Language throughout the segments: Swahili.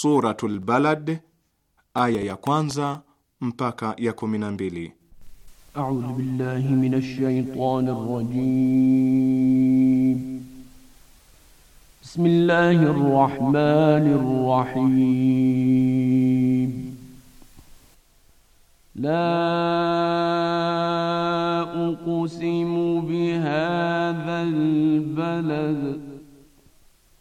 Suratul Balad aya ya kwanza mpaka ya kumi na mbili. A'udhu billahi minash shaitanir rajim. Bismillahir rahmanir rahim. La uqsimu bihadhal balad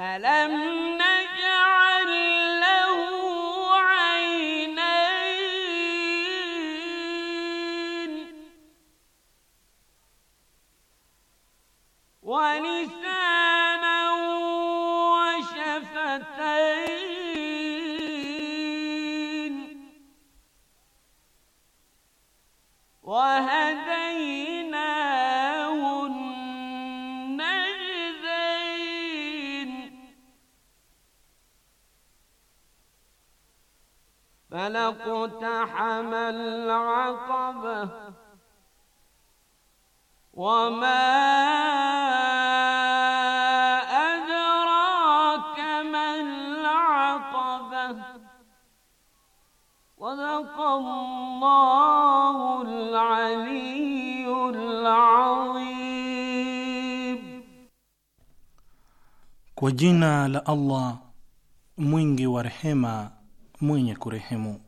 ألم نجعل له عينين ولسانا وشفتين وهل اقتحم العقبة وما أدراك ما العقبة صدق الله العلي العظيم Kwa لالله la Allah mwingi wa rehema mwenye kurehemu.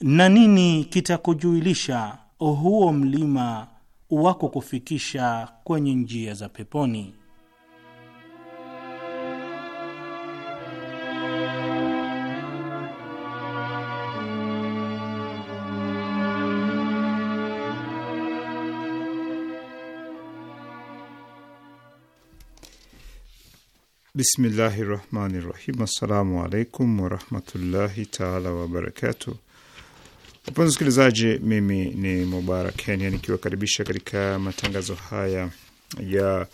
na nini kitakujuilisha huo mlima wako kufikisha kwenye njia za peponi? Bismillahi rahmani rahim. Assalamu alaikum warahmatullahi taala wabarakatuh. Mpenzi msikilizaji, mimi ni Mubarak Kenya nikiwakaribisha katika matangazo haya ya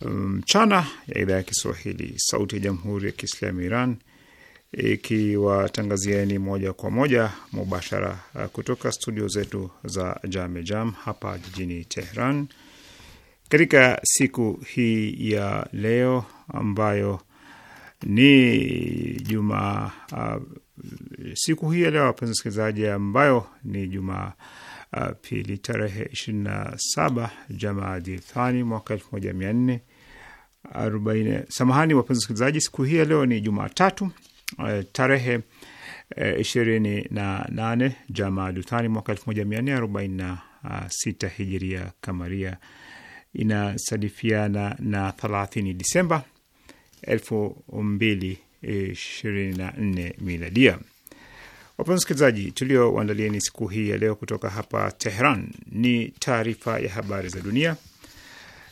mm, mchana um, ya idhaa ya Kiswahili sauti ya jamhuri ya Kiislamu Iran ikiwatangazieni moja kwa moja mubashara uh, kutoka studio zetu za jame jam hapa jijini Tehran katika siku hii ya leo ambayo ni juma uh, siku hii ya leo wapenzi wasikilizaji, ambayo ni juma uh, pili tarehe ishirini na saba Jamaadi Thani mwaka elfu moja mia nne arobaini. Samahani wapenzi wasikilizaji, siku hii ya leo ni Jumatatu uh, tarehe uh, ishirini uh, na nane Jamaadi Thani mwaka elfu moja mia nne arobaini na uh, sita hijiria kamaria, inasadifiana na thelathini Disemba elfu mbili ishirini na nne miladia. Wapenzi wasikilizaji, tulioandalieni siku hii ya leo kutoka hapa Tehran ni taarifa ya habari za dunia,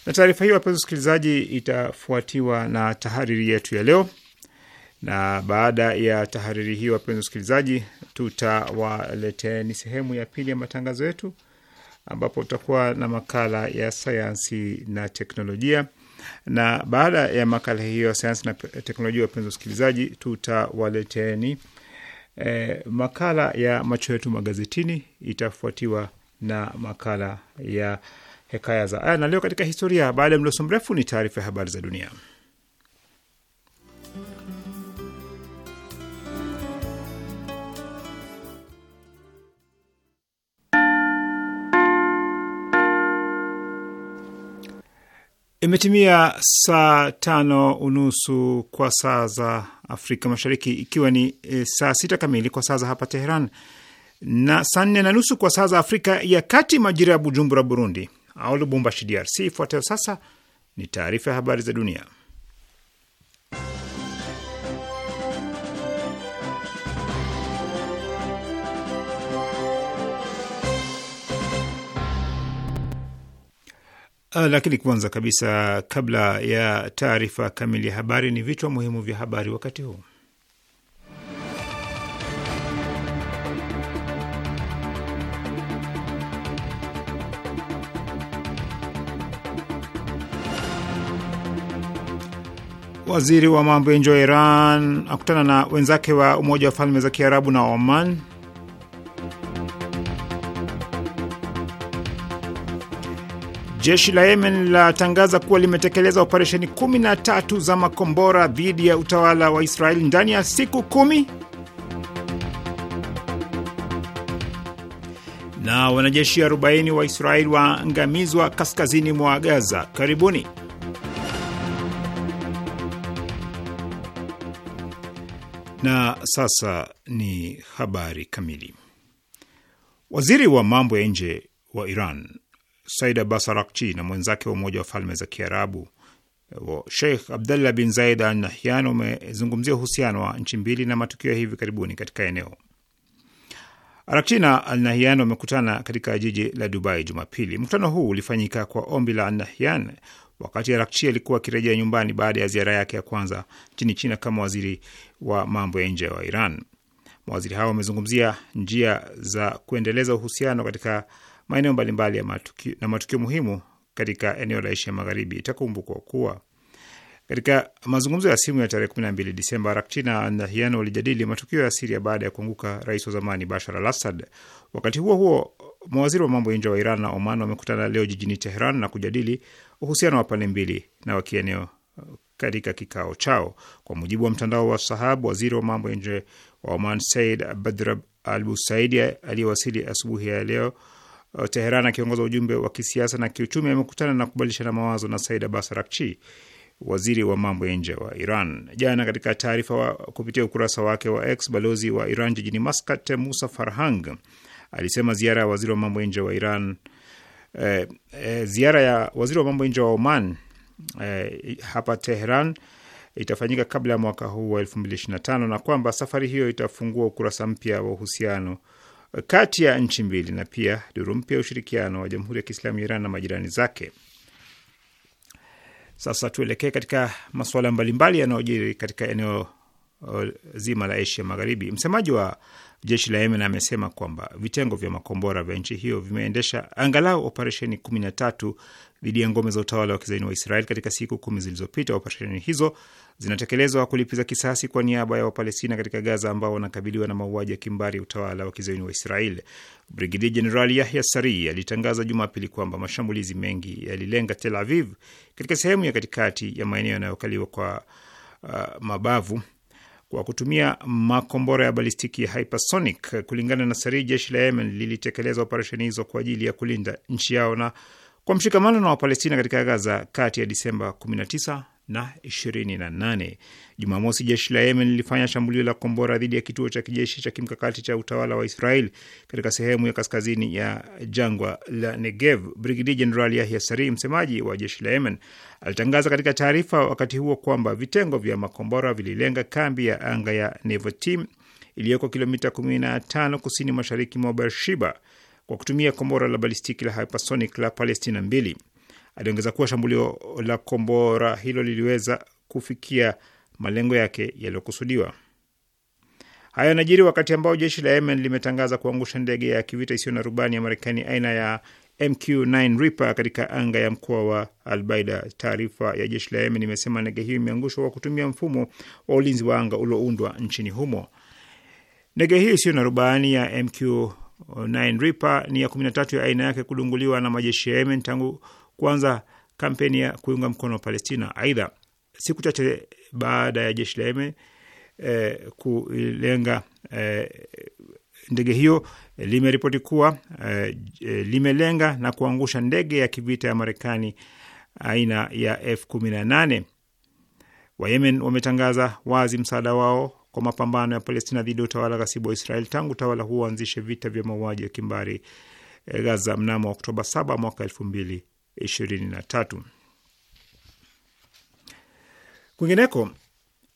na taarifa hiyo wapenzi wasikilizaji, itafuatiwa na tahariri yetu ya leo, na baada ya tahariri hiyo, wapenzi wasikilizaji, tutawaleteni sehemu ya pili ya matangazo yetu ambapo tutakuwa na makala ya sayansi na teknolojia na baada ya makala hiyo ya sayansi na teknolojia, wapenzi wasikilizaji, tutawaleteni eh, makala ya macho yetu magazetini, itafuatiwa na makala ya hekaya za aya, na leo katika historia. Baada ya mdoso mrefu, ni taarifa ya habari za dunia. Imetimia saa tano unusu kwa saa za Afrika Mashariki, ikiwa ni e, saa sita kamili kwa saa za hapa Teheran na saa nne na nusu kwa saa za Afrika ya Kati, majira ya Bujumbura, Burundi au Lubumbashi, DRC. Ifuatayo sasa ni taarifa ya habari za dunia. Ah, lakini kwanza kabisa, kabla ya taarifa kamili ya habari, ni vichwa muhimu vya habari wakati huu. Waziri wa mambo ya nje wa Iran akutana na wenzake wa Umoja wa Falme za Kiarabu na Oman. Jeshi la Yemen linatangaza kuwa limetekeleza operesheni 13 za makombora dhidi ya utawala wa Israeli ndani ya siku kumi. Na wanajeshi 40 wa Israeli waangamizwa kaskazini mwa Gaza. Karibuni. Na sasa ni habari kamili. Waziri wa mambo ya nje wa Iran Said Abbas Arakchi na mwenzake wa Umoja wa Falme za Kiarabu Sheikh Abdallah bin Zaid Al Nahyan umezungumzia uhusiano wa nchi mbili na matukio ya hivi karibuni katika eneo. Arakchi na Al Nahyan wamekutana katika jiji la Dubai Jumapili. Mkutano huu ulifanyika kwa ombi la Al Nahyan wakati Arakchi alikuwa akirejea nyumbani baada ya ziara yake ya kwanza nchini China kama waziri wa mambo ya nje wa Iran. Mawaziri hao wamezungumzia njia za kuendeleza uhusiano katika maeneo mbalimbali na matukio muhimu katika eneo la Asia Magharibi. Itakumbukwa kuwa katika mazungumzo ya simu ya tarehe 12 Disemba, Arakchi na walijadili matukio ya Siria baada ya kuanguka rais wa zamani Bashar al Assad. Wakati huo huo, mawaziri wa mambo ya nje wa Iran na Oman wamekutana leo jijini Teheran na kujadili uhusiano wa pande mbili na wa kieneo uh, katika kikao chao. Kwa mujibu wa mtandao wa Sahab, waziri wa mambo ya nje wa Oman Said Badrab al Busaidi aliyewasili asubuhi ya leo Uh, Teheran akiongoza ujumbe wa kisiasa na kiuchumi amekutana na kubadilishana mawazo na Said Abbas Araghchi, waziri wa mambo ya nje wa Iran. Jana katika taarifa kupitia ukurasa wake wa X, balozi wa Iran jijini Muscat Musa Farhang alisema ziara ya waziri wa mambo ya nje wa Iran eh, eh, ziara ya waziri wa mambo ya nje wa Oman eh, hapa Teheran itafanyika kabla ya mwaka huu wa 2025 na kwamba safari hiyo itafungua ukurasa mpya wa uhusiano kati ya nchi mbili na pia duru mpya ya ushirikiano wa Jamhuri ya Kiislamu ya Iran na majirani zake. Sasa tuelekee katika masuala mbalimbali yanayojiri katika eneo uh, zima la Asia Magharibi. Msemaji wa jeshi la Yemen amesema kwamba vitengo vya makombora vya nchi hiyo vimeendesha angalau operesheni kumi na tatu dhidi ya ngome za utawala wa kizaini wa Israel katika siku kumi zilizopita. Operesheni hizo zinatekelezwa kulipiza kisasi kwa niaba ya Wapalestina katika Gaza ambao wanakabiliwa na mauaji ya kimbari ya utawala wa kizayuni wa Israel. Brigedia Jenerali Yahya Sari alitangaza Jumapili kwamba mashambulizi mengi yalilenga Tel Aviv katika sehemu ya katikati ya maeneo yanayokaliwa kwa uh, mabavu kwa kutumia makombora ya balistiki ya hypersonic. Kulingana na Sari, jeshi la Yemen lilitekeleza operesheni hizo kwa ajili ya kulinda nchi yao na kwa mshikamano na Wapalestina katika Gaza kati ya Disemba 19 na 28. Jumamosi, jeshi la Yemen lilifanya shambulio la kombora dhidi ya kituo cha kijeshi cha kimkakati cha utawala wa Israel katika sehemu ya kaskazini ya jangwa la Negev. Brigidi Jenerali Yahya Sari, msemaji wa jeshi la Yemen, alitangaza katika taarifa wakati huo kwamba vitengo vya makombora vililenga kambi ya anga ya Nevotim iliyoko kilomita 15 kusini mashariki mwa bershiba kwa kutumia kombora la balistiki la hypersonic la Palestina mbili. Aliongeza kuwa shambulio la kombora hilo liliweza kufikia malengo yake yaliyokusudiwa. Hayo yanajiri wakati ambao jeshi la Yemen limetangaza kuangusha ndege ya kivita isiyo na rubani ya Marekani aina ya MQ-9 Reaper katika anga ya mkoa wa Albaida. Taarifa ya jeshi la Yemen imesema ndege hiyo imeangushwa kwa kutumia mfumo wa ulinzi wa anga ulioundwa nchini humo. Ndege hiyo isiyo na rubani ya MQ-9 Reaper ni ya 13 ya aina yake kudunguliwa na majeshi ya Yemen tangu kuanza kampeni ya kuiunga mkono wa Palestina. Aidha, siku chache baada ya jeshi la Yemen eh, kulenga eh, ndege hiyo limeripoti kuwa eh, limelenga na kuangusha ndege ya kivita ya Marekani aina ya F-18. Wayemen wametangaza wazi msaada wao kwa mapambano ya Palestina dhidi ya utawala ghasibu wa Israel tangu utawala huo anzishe vita vya mauaji ya kimbari eh, Gaza mnamo Oktoba 7 mwaka elfu mbili 23. Kwingineko,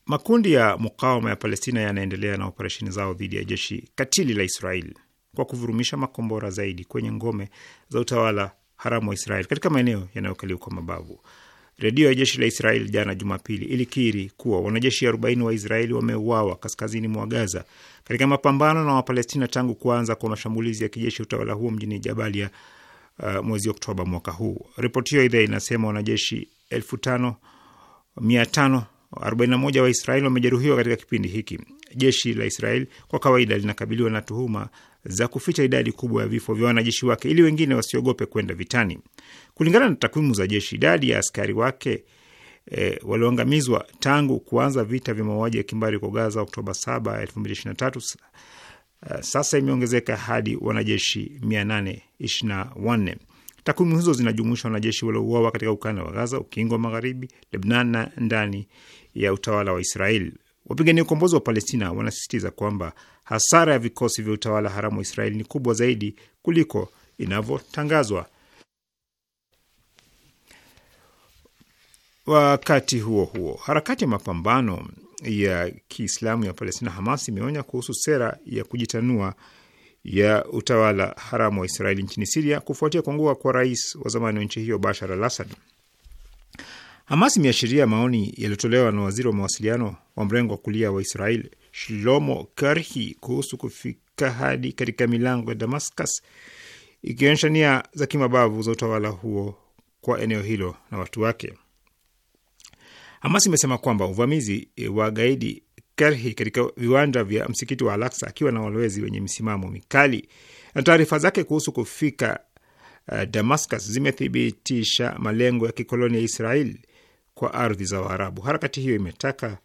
makundi ya mukawama ya Palestina yanaendelea na operesheni zao dhidi ya jeshi katili la Israel kwa kuvurumisha makombora zaidi kwenye ngome za utawala haramu wa Israeli katika maeneo yanayokaliwa kwa mabavu. Redio ya jeshi la Israel jana Jumapili ilikiri kuwa wanajeshi 40 wa Israeli wameuawa kaskazini mwa Gaza katika mapambano na Wapalestina tangu kuanza kwa mashambulizi ya kijeshi utawala huo mjini Jabalia uh, mwezi Oktoba mwaka huu. Ripoti hiyo aidha inasema wanajeshi elfu tano mia tano 41 wa Israel wamejeruhiwa katika kipindi hiki. Jeshi la israel kwa kawaida linakabiliwa na tuhuma za kuficha idadi kubwa ya vifo vya wanajeshi wake ili wengine wasiogope kwenda vitani. Kulingana na takwimu za jeshi, idadi ya askari wake e, walioangamizwa tangu kuanza vita vya mauaji ya kimbari kwa Gaza Oktoba 7, 2023 Eh, sasa imeongezeka hadi wanajeshi 824. Takwimu hizo zinajumuisha wanajeshi waliouawa katika ukanda wa Gaza, ukingo wa magharibi, Lebnan na ndani ya utawala wa Israel. Wapigania ukombozi wa Palestina wanasisitiza kwamba hasara ya vikosi vya utawala haramu wa Israel ni kubwa zaidi kuliko inavyotangazwa. Wakati huo huo, harakati ya mapambano ya Kiislamu ya Palestina Hamas imeonya kuhusu sera ya kujitanua ya utawala haramu wa Israeli nchini Siria kufuatia kuangua kwa rais wa zamani wa nchi hiyo Bashar al Assad. Hamas imeashiria maoni yaliyotolewa na waziri wa mawasiliano wa mrengo wa kulia wa israel Shlomo Karhi kuhusu kufika hadi katika milango ya Damascus, ikionyesha nia za kimabavu za utawala huo kwa eneo hilo na watu wake. Hamas imesema kwamba uvamizi e, wa gaidi Kerhi katika viwanja vya msikiti wa Al-Aqsa akiwa na walowezi wenye msimamo mikali na taarifa zake kuhusu kufika uh, Damascus zimethibitisha malengo ya kikoloni ya Israel kwa ardhi za Waarabu. Harakati hiyo imetaka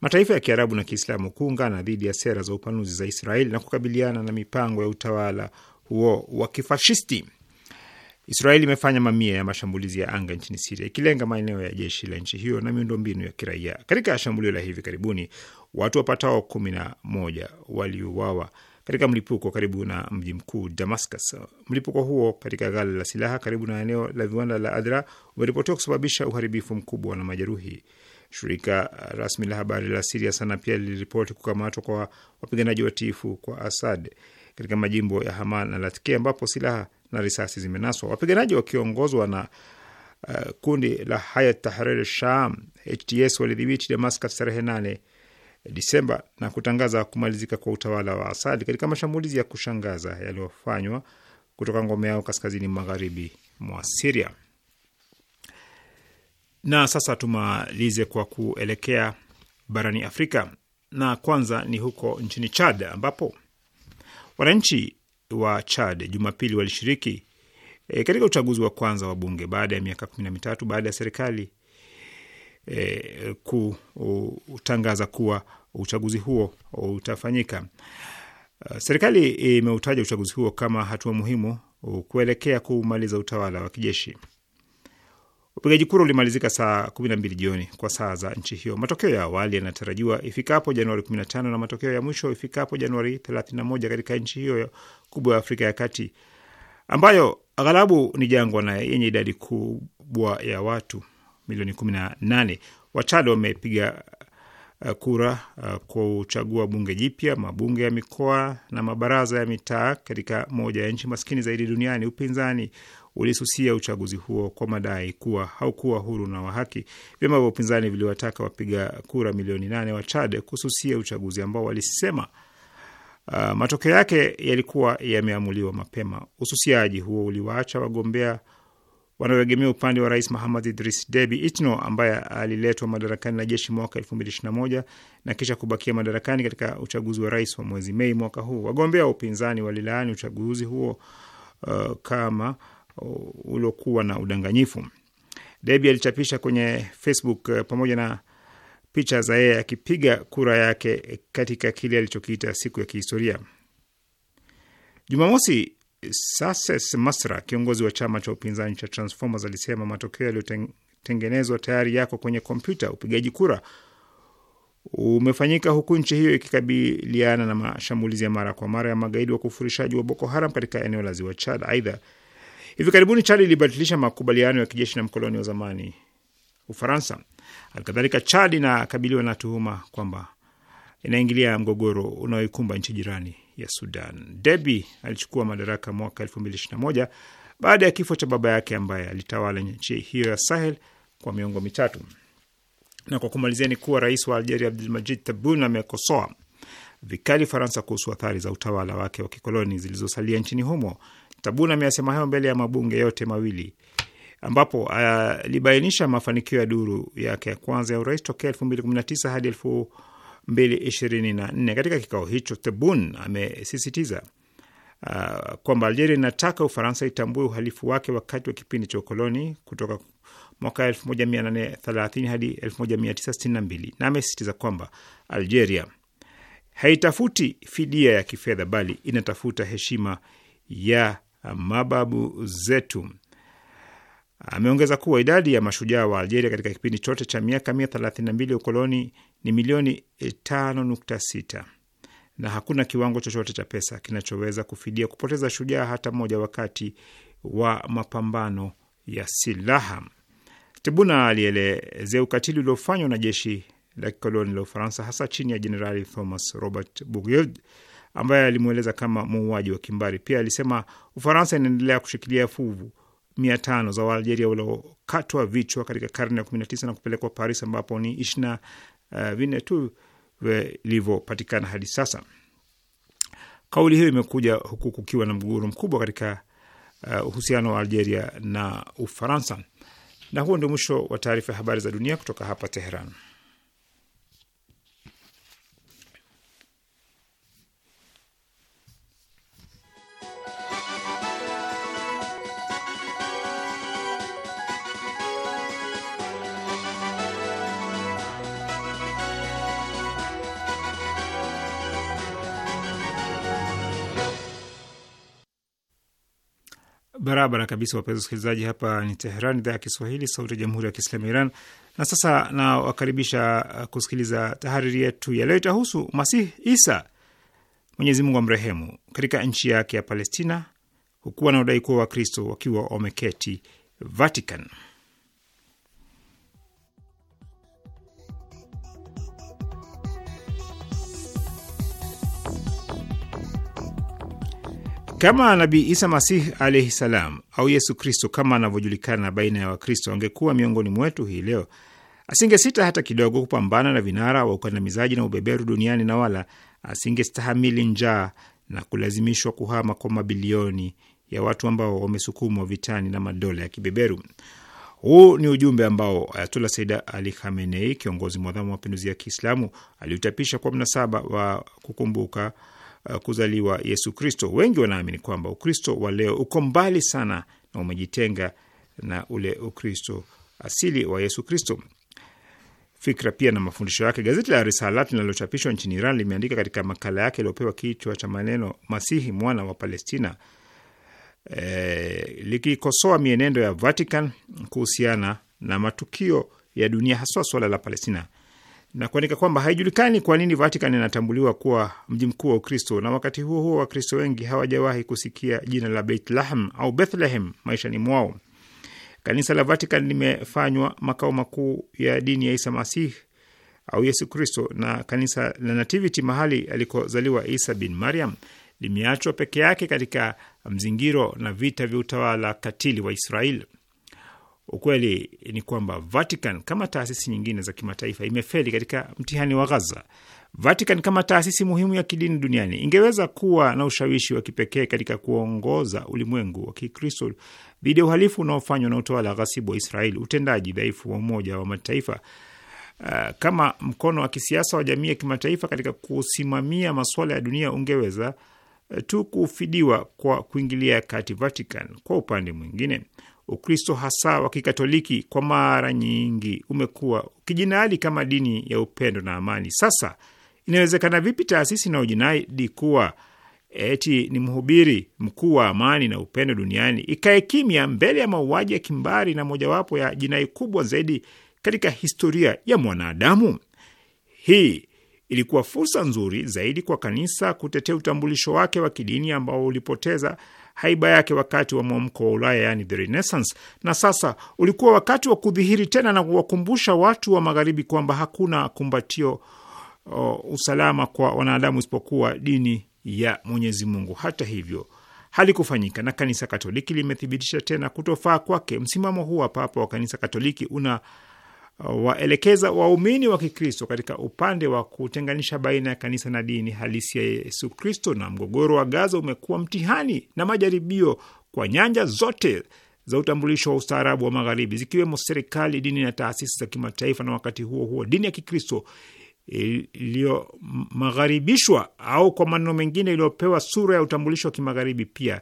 mataifa ya Kiarabu na Kiislamu kuungana dhidi ya sera za upanuzi za israel na kukabiliana na mipango ya utawala huo wa kifashisti. Israeli imefanya mamia ya mashambulizi ya anga nchini Siria ikilenga maeneo ya jeshi la nchi hiyo na miundombinu ya kiraia. Katika shambulio la hivi karibuni, watu wapatao kumi na moja waliuawa katika mlipuko karibu na mji mkuu Damascus. Mlipuko huo katika ghala la silaha karibu na eneo la viwanda la Adra umeripotiwa kusababisha uharibifu mkubwa na majeruhi. Shirika rasmi la habari la Siria SANA pia liliripoti kukamatwa kwa wapiganaji watiifu kwa Asad katika majimbo ya Hama na Latkia ambapo silaha na risasi zimenaswa. Wapiganaji wakiongozwa na uh, kundi la Hayat Tahrir Sham HTS walidhibiti Damascus tarehe nane Disemba na kutangaza kumalizika kwa utawala wa Asadi katika mashambulizi ya kushangaza yaliyofanywa kutoka ngome yao kaskazini magharibi mwa Siria. Na sasa tumalize kwa kuelekea barani Afrika na kwanza ni huko nchini Chad ambapo wananchi wa Chad Jumapili walishiriki e, katika uchaguzi wa kwanza wa bunge baada ya miaka kumi na mitatu baada ya serikali e, kutangaza kuwa uchaguzi huo utafanyika. E, serikali imeutaja uchaguzi huo kama hatua muhimu kuelekea kumaliza utawala wa kijeshi. Upigaji kura ulimalizika saa 12 jioni kwa saa za nchi hiyo. Matokeo ya awali yanatarajiwa ifikapo Januari 15 na matokeo ya mwisho ifikapo Januari 31 katika nchi hiyo kubwa ya Afrika ya Kati ambayo aghalabu ni jangwa na yenye idadi kubwa ya watu milioni 18. Wachad wamepiga Eh, kura eh, kuchagua bunge jipya, mabunge ya mikoa na mabaraza ya mitaa katika moja ya nchi maskini zaidi duniani, upinzani ulisusia uchaguzi huo kwa madai kuwa haukuwa huru na wa haki. Vyama vya upinzani viliwataka wapiga kura milioni nane wa Chad kususia uchaguzi ambao walisema uh, matokeo yake yalikuwa yameamuliwa mapema. Ususiaji huo uliwaacha wagombea wanaoegemea upande wa rais Mahamad Idris Debi Itno ambaye aliletwa madarakani na jeshi mwaka 2021 na kisha kubakia madarakani katika uchaguzi wa rais wa mwezi Mei mwaka huu. Wagombea wa upinzani walilaani uchaguzi huo uh, kama uh, uliokuwa na udanganyifu. Debi alichapisha kwenye Facebook uh, pamoja na picha za yeye akipiga kura yake katika kile alichokiita siku ya kihistoria Jumamosi Sases Masra, kiongozi wa chama cha upinzani cha Transformers, alisema matokeo yaliyotengenezwa tayari yako kwenye kompyuta. Upigaji kura umefanyika huku nchi hiyo ikikabiliana na mashambulizi ya mara kwa mara ya magaidi wa kufurishaji wa Boko Haram katika eneo la ziwa Chad. Aidha, hivi karibuni Chad ilibatilisha makubaliano ya kijeshi na mkoloni wa zamani Ufaransa. Alkadhalika, Chad inakabiliwa na tuhuma kwamba inaingilia mgogoro unaoikumba nchi jirani ya Sudan. Debi alichukua madaraka mwaka 2021 baada ya kifo cha baba yake ambaye alitawala nchi hiyo ya Sahel kwa miongo mitatu. Na kwa kumalizia ni kuwa rais wa Algeria Abdelmadjid Tebboune amekosoa vikali Faransa kuhusu athari za utawala wake wa kikoloni zilizosalia nchini humo. Tebboune ameyasema hayo mbele ya mabunge yote mawili ambapo alibainisha uh, mafanikio ya duru yake ya kwanza ya urais tokea elfu mbili kumi na tisa hadi elfu 224. Katika kikao hicho, Tebun amesisitiza uh, kwamba Algeria inataka Ufaransa itambue uhalifu wake wakati wa kipindi cha ukoloni kutoka mwaka 1830 hadi 1962 na amesisitiza kwamba Algeria haitafuti fidia ya kifedha bali inatafuta heshima ya mababu zetu. Ameongeza kuwa idadi ya mashujaa wa Algeria katika kipindi chote cha miaka mia thelathini na mbili ya ukoloni ni milioni eh, tano nukta sita na hakuna kiwango chochote cha pesa kinachoweza kufidia kupoteza shujaa hata mmoja wakati wa mapambano ya silaha. Tebuna alielezea ukatili uliofanywa na jeshi la kikoloni la Ufaransa, hasa chini ya Jenerali Thomas Robert Bouillard ambaye alimweleza kama muuaji wa kimbari. Pia alisema Ufaransa inaendelea kushikilia fuvu mia tano za Waalgeria waliokatwa vichwa katika karne ya kumi na kupelekwa Paris ambapo ni ishirini na eh, vinne tu vilivyopatikana hadi sasa. Kauli hiyo imekuja huku kukiwa na mgogoro mkubwa katika eh, uhusiano wa Algeria na Ufaransa. Na huo ndio mwisho wa taarifa ya habari za dunia kutoka hapa Teheran. Barabara kabisa, wapenzi wasikilizaji, hapa ni Teheran, idhaa ya Kiswahili, sauti ya jamhuri ya kiislamu ya Iran. Na sasa nawakaribisha uh, kusikiliza tahariri yetu ya leo. Itahusu masih Isa, Mwenyezi Mungu amrehemu, katika nchi yake ya Palestina, na udai kuwa Wakristo wakiwa wameketi Vatican. Kama Nabii Isa Masih alaihi salam au Yesu Kristo kama anavyojulikana baina ya Wakristo angekuwa miongoni mwetu hii leo, asingesita hata kidogo kupambana na vinara wa ukandamizaji na ubeberu duniani na wala asingestahamili njaa na kulazimishwa kuhama kwa mabilioni ya watu ambao wamesukumwa vitani na madola ya kibeberu. Huu ni ujumbe ambao Ayatullah saida Ali Khamenei, kiongozi mwadhamu wa mapinduzi ya Kiislamu, aliutapisha kwa mnasaba wa kukumbuka Uh, kuzaliwa Yesu Kristo. Wengi wanaamini kwamba Ukristo wa leo uko mbali sana na umejitenga na ule Ukristo asili wa Yesu Kristo, fikra pia na mafundisho yake. Gazeti la Risalat linalochapishwa nchini Iran limeandika katika makala yake iliyopewa kichwa cha maneno Masihi mwana wa Palestina, e, likikosoa mienendo ya Vatican kuhusiana na matukio ya dunia, haswa suala la Palestina na kuandika kwamba haijulikani kwa nini Vatican inatambuliwa kuwa mji mkuu wa Ukristo, na wakati huo huo Wakristo wengi hawajawahi kusikia jina la Bethlehem au Bethlehem maishani mwao. Kanisa la Vatican limefanywa makao makuu ya dini ya Isa Masih au Yesu Kristo, na kanisa la Nativity, mahali alikozaliwa Isa bin Mariam, limeachwa peke yake katika mzingiro na vita vya utawala katili wa Israeli. Ukweli ni kwamba Vatican kama taasisi nyingine za kimataifa imefeli katika mtihani wa Gaza. Vatican kama taasisi muhimu ya kidini duniani ingeweza kuwa na ushawishi wa kipekee katika kuongoza ulimwengu wa Kikristo dhidi ya uhalifu unaofanywa na utawala ghasibu wa israel utendaji dhaifu wa Umoja wa Mataifa uh, kama mkono wa kisiasa wa jamii ya kimataifa katika kusimamia masuala ya dunia ungeweza uh, tu kufidiwa kwa kuingilia kati Vatican. Kwa upande mwingine Ukristo hasa wa Kikatoliki kwa mara nyingi umekuwa ukijinadi kama dini ya upendo na amani. Sasa inawezekana vipi taasisi inayojinadi kuwa eti ni mhubiri mkuu wa amani na upendo duniani ikae kimya mbele ya mauaji ya kimbari na mojawapo ya jinai kubwa zaidi katika historia ya mwanadamu? Hii ilikuwa fursa nzuri zaidi kwa kanisa kutetea utambulisho wake wa kidini ambao ulipoteza haiba yake wakati wa mwamko wa Ulaya, yani the Renaissance, na sasa ulikuwa wakati wa kudhihiri tena na kuwakumbusha watu wa Magharibi kwamba hakuna kumbatio o, uh, usalama kwa wanadamu isipokuwa dini ya Mwenyezi Mungu. Hata hivyo halikufanyika na Kanisa Katoliki limethibitisha tena kutofaa kwake. Msimamo huu wa Papa wa Kanisa Katoliki una Uh, waelekeza waumini wa Kikristo katika upande wa kutenganisha baina ya kanisa na dini halisi ya Yesu Kristo. Na mgogoro wa Gaza umekuwa mtihani na majaribio kwa nyanja zote za utambulisho wa ustaarabu wa Magharibi, zikiwemo serikali, dini na taasisi za kimataifa. Na wakati huo huo, dini ya Kikristo iliyomagharibishwa au kwa maneno mengine, iliyopewa sura ya utambulisho wa kimagharibi pia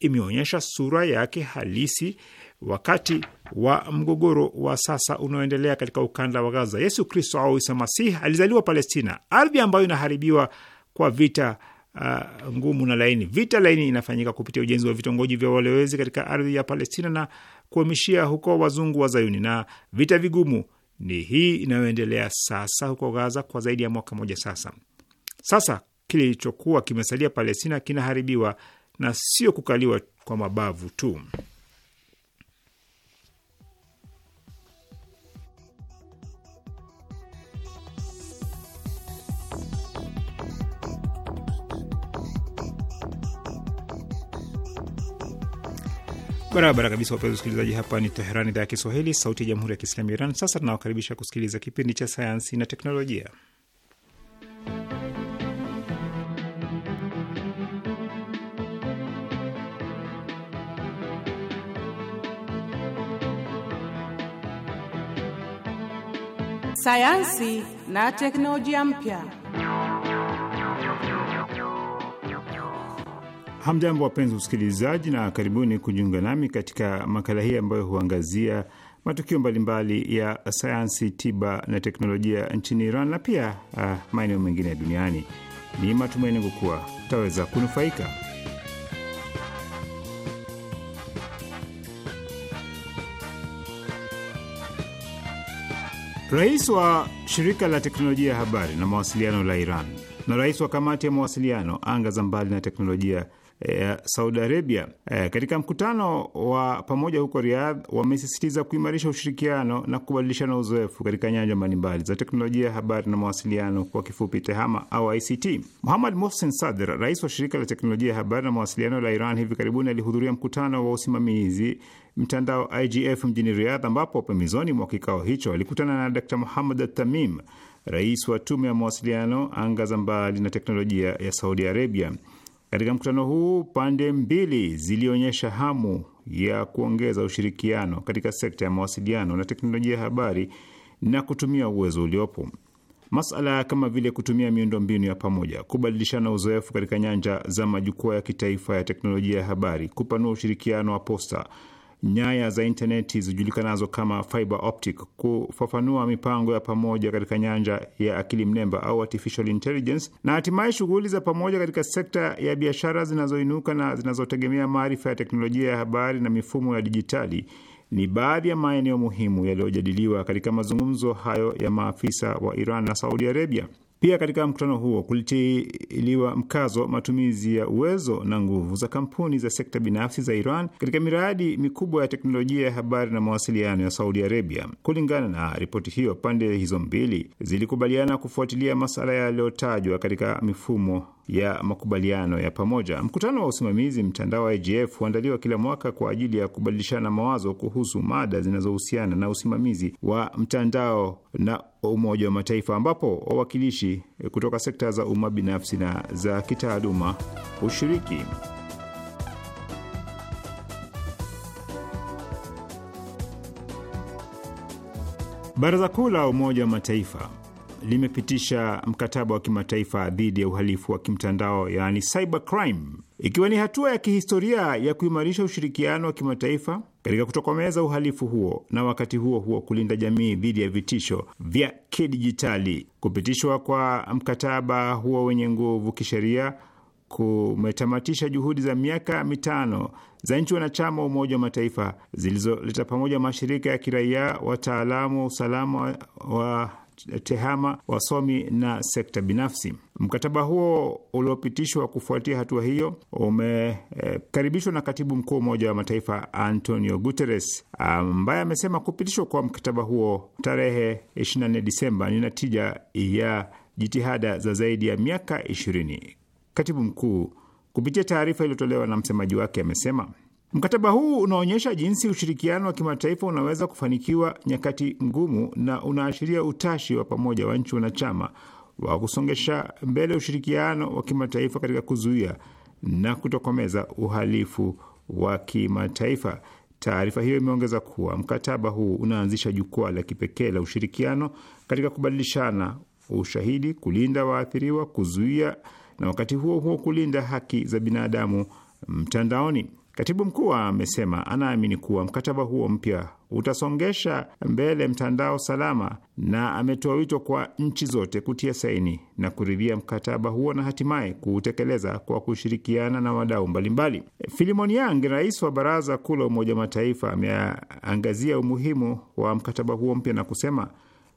imeonyesha sura yake halisi wakati wa mgogoro wa sasa unaoendelea katika ukanda wa Gaza. Yesu Kristo au Isa Masih alizaliwa Palestina, ardhi ambayo inaharibiwa kwa vita uh, ngumu na laini. Vita laini inafanyika kupitia ujenzi wa vitongoji vya walowezi katika ardhi ya Palestina na kuhamishia huko wazungu wa Zayuni, na vita vigumu ni hii inayoendelea sasa huko Gaza kwa zaidi ya mwaka moja sasa. Sasa kilichokuwa kimesalia Palestina kinaharibiwa na sio kukaliwa kwa mabavu tu. Barabara kabisa, wapenzi wasikilizaji, hapa ni Teherani, idhaa ya Kiswahili, sauti ya jamhuri ya kiislamu ya Iran. Sasa tunawakaribisha kusikiliza kipindi cha sayansi na teknolojia, sayansi na teknolojia mpya. Hamjambo, wapenzi usikilizaji, na karibuni kujiunga nami katika makala hii ambayo huangazia matukio mbalimbali ya sayansi, tiba na teknolojia nchini Iran na pia uh, maeneo mengine duniani. Ni matumaini yangu kuwa utaweza kunufaika. Rais wa shirika la teknolojia ya habari na mawasiliano la Iran na rais wa kamati ya mawasiliano, anga za mbali na teknolojia ya eh, Saudi Arabia. E, katika mkutano wa pamoja huko Riyadh wamesisitiza kuimarisha ushirikiano na kubadilishana uzoefu katika nyanja mbalimbali za teknolojia, habari na mawasiliano, kwa kifupi TEHAMA au ICT. Muhammad Mohsen Sadr, rais wa shirika la teknolojia ya habari na mawasiliano la Iran, hivi karibuni alihudhuria mkutano wa usimamizi mtandao IGF mjini Riyadh, ambapo pembezoni mwa kikao hicho alikutana na Dr Muhammad tamim rais wa tume ya mawasiliano, anga za mbali na teknolojia ya Saudi Arabia. Katika mkutano huu pande mbili zilionyesha hamu ya kuongeza ushirikiano katika sekta ya mawasiliano na teknolojia ya habari na kutumia uwezo uliopo. Masala kama vile kutumia miundombinu ya pamoja, kubadilishana uzoefu katika nyanja za majukwaa ya kitaifa ya teknolojia ya habari, kupanua ushirikiano wa posta nyaya za intaneti zijulikanazo kama fiber optic, kufafanua mipango ya pamoja katika nyanja ya akili mnemba au artificial intelligence, na hatimaye shughuli za pamoja katika sekta ya biashara zinazoinuka na zinazotegemea maarifa ya teknolojia ya habari na mifumo ya dijitali ni baadhi ya maeneo muhimu yaliyojadiliwa katika mazungumzo hayo ya maafisa wa Iran na Saudi Arabia. Pia katika mkutano huo kulitiliwa mkazo matumizi ya uwezo na nguvu za kampuni za sekta binafsi za Iran katika miradi mikubwa ya teknolojia ya habari na mawasiliano ya Saudi Arabia. Kulingana na ripoti hiyo, pande hizo mbili zilikubaliana kufuatilia masala yaliyotajwa katika mifumo ya makubaliano ya pamoja. Mkutano wa usimamizi mtandao wa IGF huandaliwa kila mwaka kwa ajili ya kubadilishana mawazo kuhusu mada zinazohusiana na usimamizi wa mtandao na Umoja wa Mataifa, ambapo wawakilishi kutoka sekta za umma binafsi na za kitaaluma hushiriki. Baraza Kuu la Umoja wa Mataifa limepitisha mkataba wa kimataifa dhidi ya uhalifu wa kimtandao yaani cybercrime, ikiwa ni hatua ya kihistoria ya kuimarisha ushirikiano wa kimataifa katika kutokomeza uhalifu huo na wakati huo huo kulinda jamii dhidi ya vitisho vya kidijitali. Kupitishwa kwa mkataba huo wenye nguvu kisheria kumetamatisha juhudi za miaka mitano za nchi wanachama wa Umoja wa Mataifa zilizoleta pamoja mashirika ya kiraia, wataalamu wa usalama wa tehama, wasomi na sekta binafsi. Mkataba huo uliopitishwa kufuatia hatua hiyo umekaribishwa na katibu mkuu wa Umoja wa Mataifa Antonio Guterres ambaye amesema kupitishwa kwa mkataba huo tarehe 24 Disemba ni natija ya jitihada za zaidi ya miaka 20. Katibu mkuu kupitia taarifa iliyotolewa na msemaji wake amesema Mkataba huu unaonyesha jinsi ushirikiano wa kimataifa unaweza kufanikiwa nyakati ngumu na unaashiria utashi wa pamoja wa nchi wanachama wa kusongesha mbele ushirikiano wa kimataifa katika kuzuia na kutokomeza uhalifu wa kimataifa. Taarifa hiyo imeongeza kuwa mkataba huu unaanzisha jukwaa la kipekee la ushirikiano katika kubadilishana ushahidi, kulinda waathiriwa, kuzuia na wakati huo huo kulinda haki za binadamu mtandaoni. Katibu mkuu amesema anaamini kuwa mkataba huo mpya utasongesha mbele mtandao salama, na ametoa wito kwa nchi zote kutia saini na kuridhia mkataba huo na hatimaye kuutekeleza kwa kushirikiana na wadau mbalimbali. Filimon Yang, rais wa Baraza Kuu la Umoja wa Mataifa, ameangazia umuhimu wa mkataba huo mpya na kusema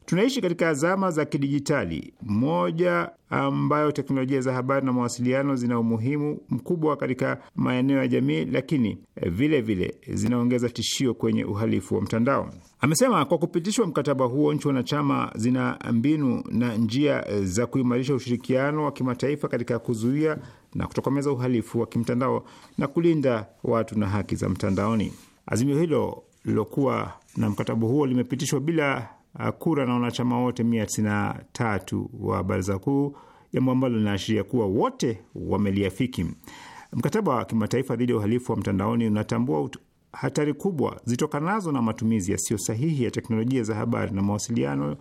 Tunaishi katika zama za kidijitali, moja ambayo teknolojia za habari na mawasiliano zina umuhimu mkubwa katika maeneo ya jamii, lakini vile vile zinaongeza tishio kwenye uhalifu wa mtandao. Amesema kwa kupitishwa mkataba huo, nchi wanachama zina mbinu na njia za kuimarisha ushirikiano wa kimataifa katika kuzuia na kutokomeza uhalifu wa kimtandao na kulinda watu na haki za mtandaoni. Azimio hilo lilokuwa na mkataba huo limepitishwa bila Uh, kura na wanachama wote 93 wa baraza kuu, jambo ambalo linaashiria kuwa wote wameliafiki. Mkataba wa kimataifa dhidi ya uhalifu wa mtandaoni unatambua hatari kubwa zitokanazo na matumizi yasiyo sahihi ya teknolojia za habari na mawasiliano,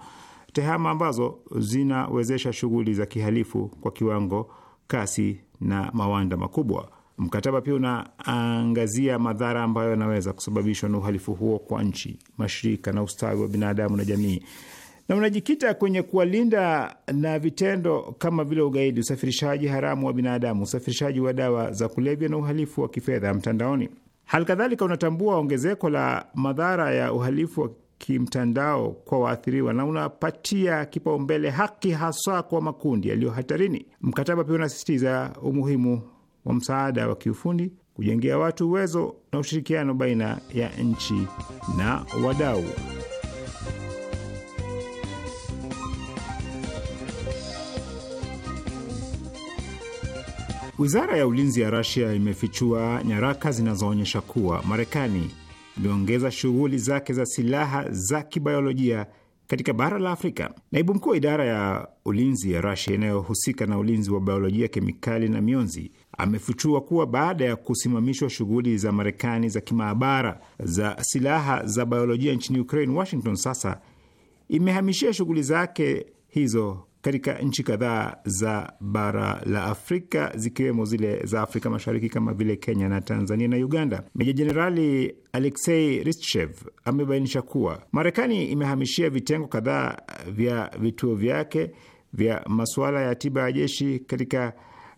tehama ambazo zinawezesha shughuli za kihalifu kwa kiwango, kasi na mawanda makubwa. Mkataba pia unaangazia madhara ambayo yanaweza kusababishwa na uhalifu huo kwa nchi, mashirika na ustawi wa binadamu na jamii, na unajikita kwenye kuwalinda na vitendo kama vile ugaidi, usafirishaji haramu wa binadamu, usafirishaji wa dawa za kulevya na uhalifu wa kifedha mtandaoni. Hali kadhalika unatambua ongezeko la madhara ya uhalifu wa kimtandao kwa waathiriwa na unapatia kipaumbele haki haswa kwa makundi yaliyo hatarini. Mkataba pia unasisitiza umuhimu wa msaada wa kiufundi, kujengea watu uwezo na ushirikiano baina ya nchi na wadau. Wizara ya ulinzi ya Rasia imefichua nyaraka zinazoonyesha kuwa Marekani imeongeza shughuli zake za silaha za kibayolojia katika bara la Afrika. Naibu mkuu wa idara ya ulinzi ya Rasia inayohusika na ulinzi wa biolojia, kemikali na mionzi amefichua kuwa baada ya kusimamishwa shughuli za Marekani za kimaabara za silaha za biolojia nchini Ukraine, Washington sasa imehamishia shughuli zake hizo katika nchi kadhaa za bara la Afrika zikiwemo zile za Afrika Mashariki kama vile Kenya na Tanzania na Uganda. Meja Jenerali Alexei Rischev amebainisha kuwa Marekani imehamishia vitengo kadhaa vya vituo vyake vya masuala ya tiba ya jeshi katika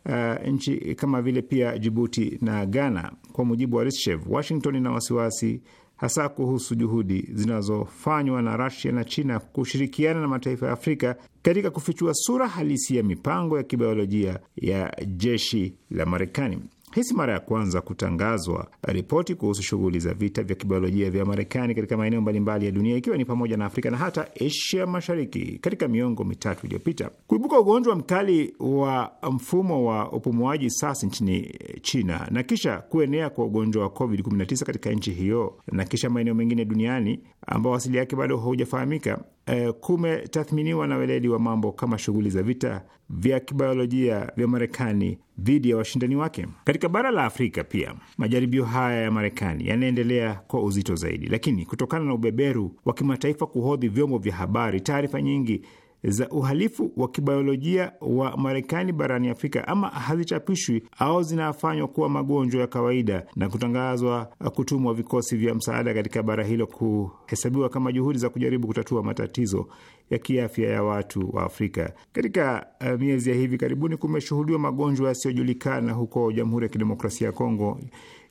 uh, nchi kama vile pia Jibuti na Ghana. Kwa mujibu wa Reshev, Washington ina wasiwasi hasa kuhusu juhudi zinazofanywa na Rasia na China kushirikiana na mataifa ya Afrika katika kufichua sura halisi ya mipango ya kibiolojia ya jeshi la Marekani. Hii si mara ya kwanza kutangazwa ripoti kuhusu shughuli za vita vya kibiolojia vya Marekani katika maeneo mbalimbali ya dunia ikiwa ni pamoja na Afrika na hata Asia Mashariki katika miongo mitatu iliyopita. Kuibuka ugonjwa mkali wa mfumo wa upumuaji sasi nchini China na kisha kuenea kwa ugonjwa wa COVID-19 katika nchi hiyo na kisha maeneo mengine duniani ambao asili yake bado haujafahamika e, eh, kumetathminiwa na weledi wa mambo kama shughuli za vita vya kibiolojia vya Marekani dhidi ya washindani wake katika bara la Afrika. Pia majaribio haya ya Marekani yanaendelea kwa uzito zaidi, lakini kutokana na ubeberu wa kimataifa kuhodhi vyombo vya habari, taarifa nyingi za uhalifu wa kibiolojia wa Marekani barani Afrika ama hazichapishwi au zinafanywa kuwa magonjwa ya kawaida na kutangazwa uh, kutumwa vikosi vya msaada katika bara hilo kuhesabiwa kama juhudi za kujaribu kutatua matatizo ya kiafya ya watu wa Afrika. Katika uh, miezi ya hivi karibuni kumeshuhudiwa magonjwa yasiyojulikana huko Jamhuri ya Kidemokrasia ya Kongo,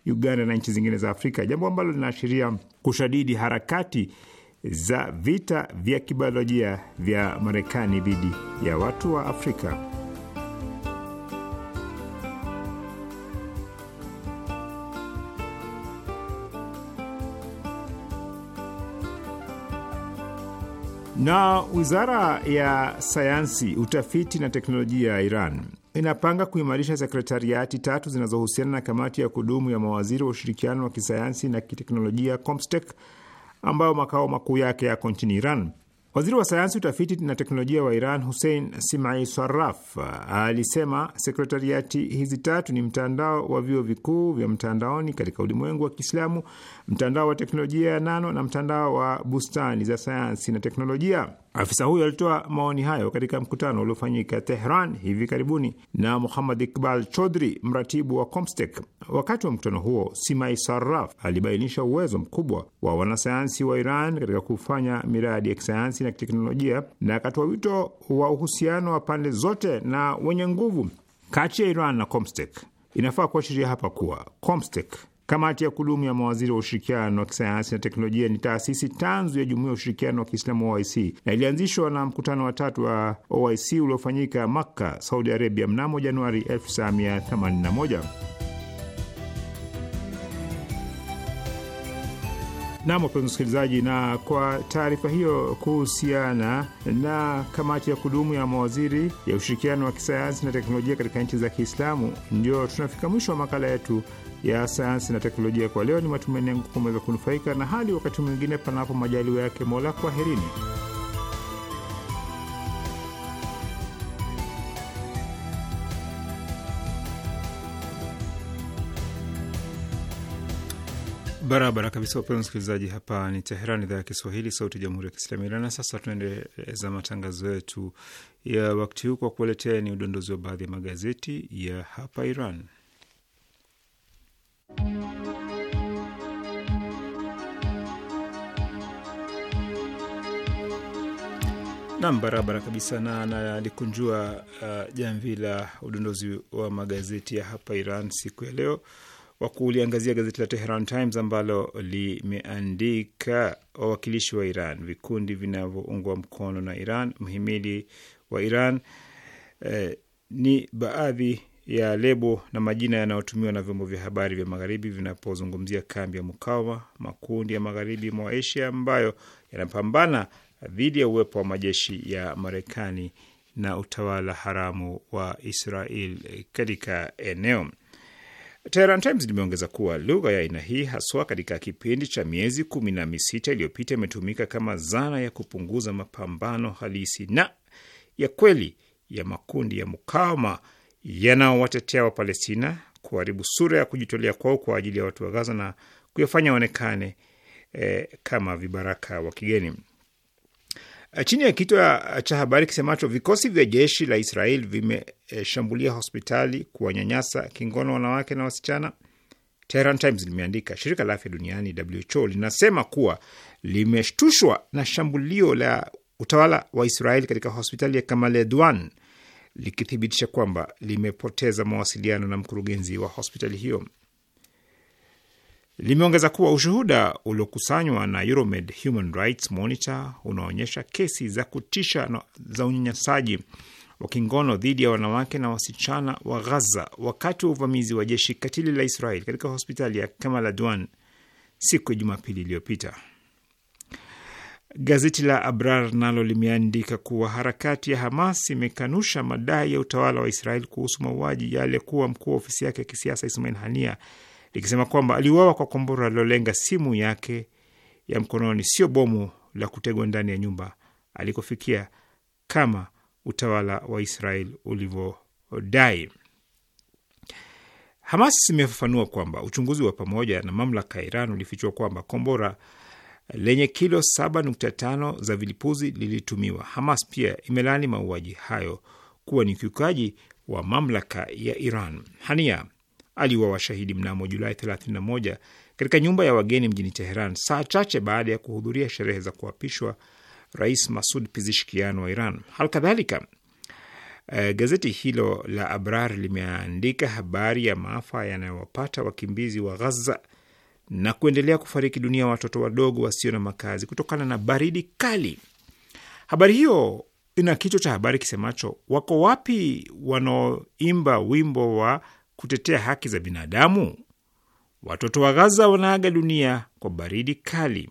Uganda na nchi zingine za Afrika, jambo ambalo linaashiria kushadidi harakati za vita vya kibiolojia vya Marekani dhidi ya watu wa Afrika. Na wizara ya sayansi, utafiti na teknolojia ya Iran inapanga kuimarisha sekretariati tatu zinazohusiana na kamati ya kudumu ya mawaziri wa ushirikiano wa kisayansi na kiteknolojia COMSTECH ambayo makao makuu yake yako nchini Iran. Waziri wa sayansi, utafiti na teknolojia wa Iran, Hussein Simai Swaraf, alisema sekretariati hizi tatu ni mtandao wa vyuo vikuu vya mtandaoni katika ulimwengu wa Kiislamu mtandao wa teknolojia ya nano na mtandao wa bustani za sayansi na teknolojia. Afisa huyo alitoa maoni hayo katika mkutano uliofanyika Tehran hivi karibuni na Muhammad Iqbal Chodri, mratibu wa Comstek. Wakati wa mkutano huo, Simai Sarraf alibainisha uwezo mkubwa wa wanasayansi wa Iran katika kufanya miradi ya kisayansi na kiteknolojia, na akatoa wito wa uhusiano wa pande zote na wenye nguvu kati ya Iran na Comstek. Inafaa kuashiria hapa kuwa Comstek Kamati ya kudumu ya mawaziri wa ushirikiano wa kisayansi na teknolojia ni taasisi tanzu ya jumuiya ya ushirikiano wa Kiislamu wa OIC na ilianzishwa na mkutano wa tatu wa OIC uliofanyika Makka, Saudi Arabia mnamo Januari 1981. Nam, wapenzi msikilizaji, na kwa taarifa hiyo kuhusiana na kamati ya kudumu ya mawaziri ya ushirikiano wa kisayansi na teknolojia katika nchi za Kiislamu, ndio tunafika mwisho wa makala yetu ya sayansi na teknolojia kwa leo. Ni matumaini yangu kumeweza kunufaika, na hadi wakati mwingine, panapo majaliwa yake Mola, kwaherini. Barabara kabisa, wapenzi msikilizaji, hapa ni Teheran, idhaa ya Kiswahili, sauti ya jamhuri ya kiislamu Iran. Na sasa tunaendeleza matangazo yetu ya wakati huu kwa kuwaletea ni udondozi wa baadhi ya magazeti ya hapa Iran. Nam, barabara kabisa na nalikunjua uh, jamvi la udondozi wa magazeti ya hapa Iran siku ya leo wa kuliangazia gazeti la Teheran Times ambalo limeandika wawakilishi wa Iran, vikundi vinavyoungwa mkono na Iran, mhimili wa Iran eh, ni baadhi ya lebo na majina yanayotumiwa na vyombo vya habari vya magharibi vinapozungumzia kambi ya mukawama, makundi ya magharibi mwa Asia ambayo yanapambana dhidi ya uwepo wa majeshi ya Marekani na utawala haramu wa Israel katika eneo. Tehran Times limeongeza kuwa lugha ya aina hii haswa katika kipindi cha miezi kumi na misita iliyopita imetumika kama zana ya kupunguza mapambano halisi na ya kweli ya makundi ya mukawama yanaowatetea Wapalestina, kuharibu sura ya kujitolea kwao kwa ajili ya watu wa Gaza na kuyafanya waonekane e, kama vibaraka wa kigeni. Eh, chini ya kichwa cha habari kisemacho vikosi vya jeshi la Israel vimeshambulia hospitali kuwanyanyasa kingono wanawake na wasichana, Tehran Times limeandika. Shirika la afya duniani WHO linasema kuwa limeshtushwa na shambulio la utawala wa Israel katika hospitali ya Kamal Edwan likithibitisha kwamba limepoteza mawasiliano na mkurugenzi wa hospitali hiyo. Limeongeza kuwa ushuhuda uliokusanywa na Euromed Human Rights Monitor unaonyesha kesi za kutisha na za unyanyasaji wa kingono dhidi ya wanawake na wasichana wa Ghaza wakati wa uvamizi wa jeshi katili la israel katika hospitali ya Kamaladwan siku ya Jumapili iliyopita. Gazeti la Abrar nalo limeandika kuwa harakati ya Hamas imekanusha madai ya utawala wa Israel kuhusu mauaji ya aliyekuwa mkuu wa ofisi yake ya kisiasa Ismail Hania, likisema kwamba aliuawa kwa kombora lilolenga simu yake ya mkononi, sio bomu la kutegwa ndani ya nyumba alikofikia kama utawala wa Israel ulivyodai. Hamas imefafanua kwamba uchunguzi wa pamoja na mamlaka ya Iran ulifichua kwamba kombora lenye kilo 7.5 za vilipuzi lilitumiwa. Hamas pia imelani mauaji hayo kuwa ni ukiukaji wa mamlaka ya Iran. Hania aliwa washahidi mnamo Julai 31 katika nyumba ya wageni mjini Teheran, saa chache baada ya kuhudhuria sherehe za kuapishwa Rais Masud Pizishkian wa Iran. Halikadhalika, uh, eh, gazeti hilo la Abrar limeandika habari ya maafa yanayowapata wakimbizi wa Ghaza na kuendelea kufariki dunia watoto wadogo wasio na makazi kutokana na baridi kali. Habari hiyo ina kichwa cha habari kisemacho wako wapi wanaoimba wimbo wa kutetea haki za binadamu? Watoto wa Gaza wanaaga dunia kwa baridi kali.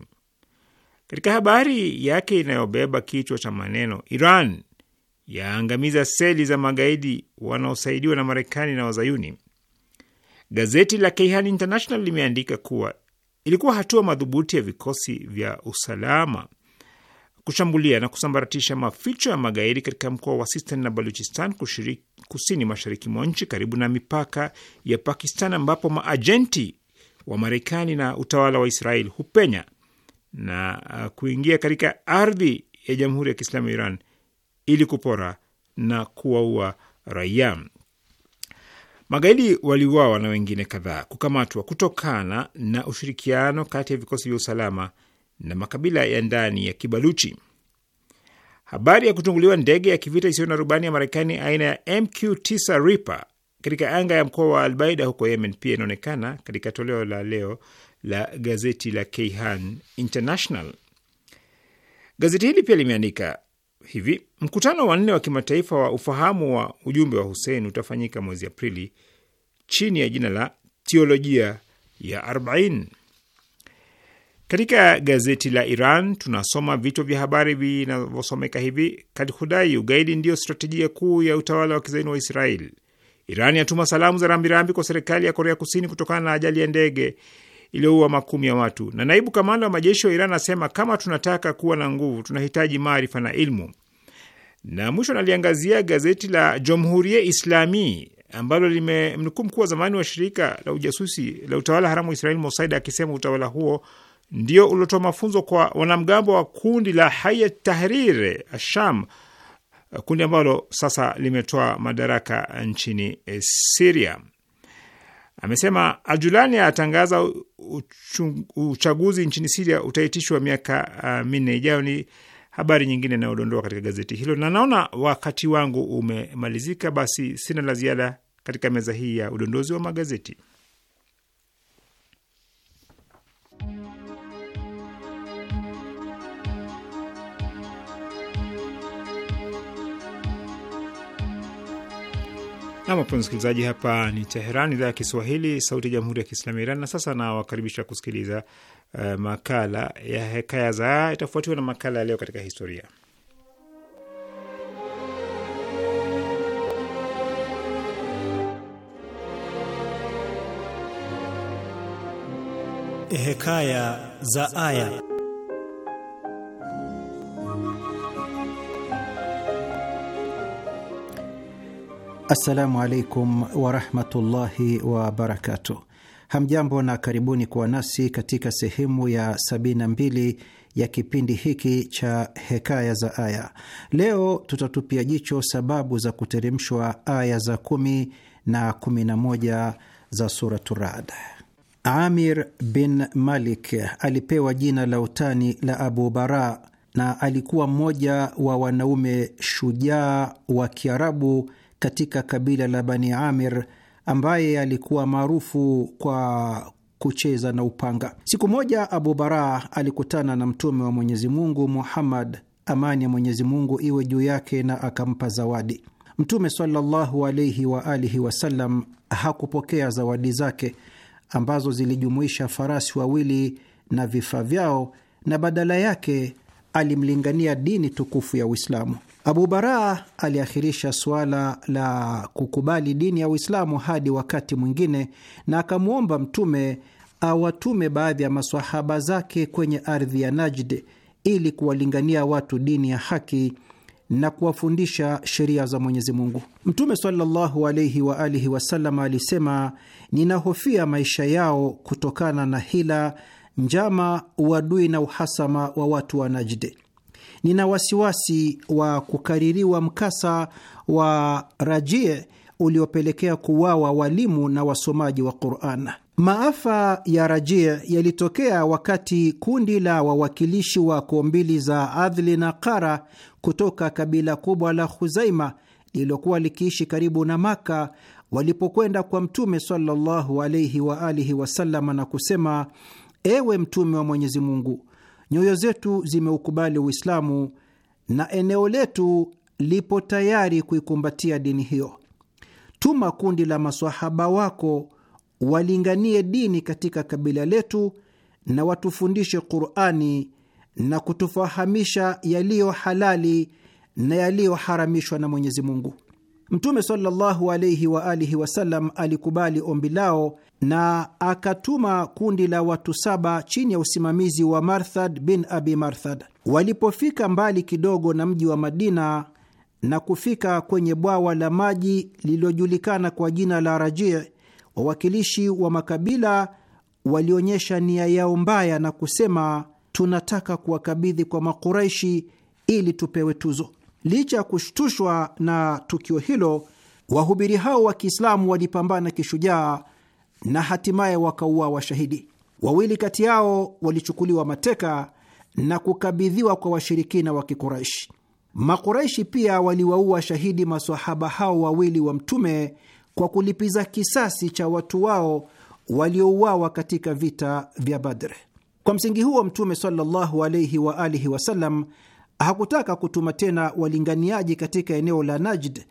Katika habari yake inayobeba kichwa cha maneno Iran yaangamiza seli za magaidi wanaosaidiwa na Marekani na Wazayuni, Gazeti la Kayhan International limeandika kuwa ilikuwa hatua madhubuti ya vikosi vya usalama kushambulia na kusambaratisha maficho ya magaidi katika mkoa wa Sistan na Baluchistan kushiriki, kusini mashariki mwa nchi karibu na mipaka ya Pakistan ambapo maajenti wa Marekani na utawala wa Israel hupenya na uh, kuingia katika ardhi ya Jamhuri ya Kiislamu ya Iran ili kupora na kuwaua raia. Magaidi waliuawa na wengine kadhaa kukamatwa kutokana na ushirikiano kati ya vikosi vya usalama na makabila ya ndani ya Kibaluchi. Habari ya kutunguliwa ndege ya kivita isiyo na rubani ya Marekani aina ya MQ-9 Reaper katika anga ya mkoa wa Albaida huko Yemen pia inaonekana katika toleo la leo la gazeti la Kayhan International. Gazeti hili pia limeandika hivi: mkutano wa nne wa kimataifa wa ufahamu wa ujumbe wa Husein utafanyika mwezi Aprili chini ya jina la teolojia ya 40. Katika gazeti la Iran tunasoma vichwa vya habari vinavyosomeka hivi: Kadhudai, ugaidi ndiyo strategia kuu ya utawala wa kizaini wa Israeli. Iran yatuma salamu za rambirambi kwa serikali ya Korea Kusini kutokana na ajali ya ndege iliyoua makumi ya watu. Na naibu kamanda wa majeshi wa Iran anasema kama tunataka kuwa na nguvu, tunahitaji maarifa na ilmu. Na mwisho naliangazia gazeti la Jomhurie Islami ambalo limemnukuu mkuu wa zamani wa shirika la ujasusi la utawala haramu wa Israeli Mossad akisema utawala huo ndio uliotoa mafunzo kwa wanamgambo wa kundi la Hayat Tahrir Asham, kundi ambalo sasa limetoa madaraka nchini Siria. Amesema Ajulani atangaza uchaguzi nchini Siria utaitishwa miaka uh, minne ijayo. Ni habari nyingine inayodondoa katika gazeti hilo, na naona wakati wangu umemalizika, basi sina la ziada katika meza hii ya udondozi wa magazeti. Namwape msikilizaji, hapa ni Teheran, idhaa ya Kiswahili, sauti ya jamhuri ya kiislami ya Iran. Na sasa nawakaribisha kusikiliza uh, makala ya hekaya za, itafuatiwa na makala ya leo katika historia. Hekaya za Aya. Assalamu alaikum warahmatullahi wabarakatu Hamjambo na karibuni kuwa nasi katika sehemu ya 72 ya kipindi hiki cha Hekaya za Aya. Leo tutatupia jicho sababu za kuteremshwa aya za 10 na 11 za Suratu Rad. Amir bin Malik alipewa jina la utani la Abu Bara na alikuwa mmoja wa wanaume shujaa wa Kiarabu katika kabila la Bani Amir ambaye alikuwa maarufu kwa kucheza na upanga. Siku moja Abu Bara alikutana na Mtume wa Mwenyezi Mungu Muhammad, amani ya Mwenyezi Mungu iwe juu yake, na akampa zawadi. Mtume sallallahu alaihi wa alihi wasallam hakupokea zawadi zake ambazo zilijumuisha farasi wawili na vifaa vyao, na badala yake alimlingania dini tukufu ya Uislamu. Abu Baraa aliakhirisha suala la kukubali dini ya Uislamu hadi wakati mwingine, na akamwomba Mtume awatume baadhi ya masahaba zake kwenye ardhi ya Najd ili kuwalingania watu dini ya haki na kuwafundisha sheria za Mwenyezi Mungu. Mtume sallallahu alaihi wa alihi wasallam alisema, ninahofia maisha yao kutokana na hila, njama, uadui na uhasama wa watu wa Najdi nina wasiwasi wa kukaririwa mkasa wa Rajie uliopelekea kuwawa walimu na wasomaji wa Quran. Maafa ya Rajie yalitokea wakati kundi la wawakilishi wa koo mbili za adhli na Qara kutoka kabila kubwa la Khuzaima lililokuwa likiishi karibu na Maka walipokwenda kwa Mtume sallallahu alaihi waalihi wasalama na kusema, ewe Mtume wa Mwenyezi Mungu, nyoyo zetu zimeukubali Uislamu na eneo letu lipo tayari kuikumbatia dini hiyo. Tuma kundi la maswahaba wako walinganie dini katika kabila letu na watufundishe Qurani na kutufahamisha yaliyo halali na yaliyoharamishwa na Mwenyezi Mungu. Mtume sallallahu alaihi wa alihi wasallam alikubali ombi lao na akatuma kundi la watu saba chini ya usimamizi wa Marthad bin Abi Marthad. Walipofika mbali kidogo na mji wa Madina na kufika kwenye bwawa la maji lililojulikana kwa jina la Raji, wawakilishi wa makabila walionyesha nia yao mbaya na kusema, tunataka kuwakabidhi kwa Makuraishi ili tupewe tuzo. Licha ya kushtushwa na tukio hilo, wahubiri hao wa Kiislamu walipambana kishujaa na hatimaye wakauawa washahidi. Wawili kati yao walichukuliwa mateka na kukabidhiwa kwa washirikina wa Kikuraishi. Makuraishi pia waliwaua shahidi masahaba hao wawili wa Mtume kwa kulipiza kisasi cha watu wao waliouawa katika vita vya Badre. Kwa msingi huo Mtume sallallahu alaihi waalihi wasallam Hakutaka kutuma tena walinganiaji katika eneo la Najd,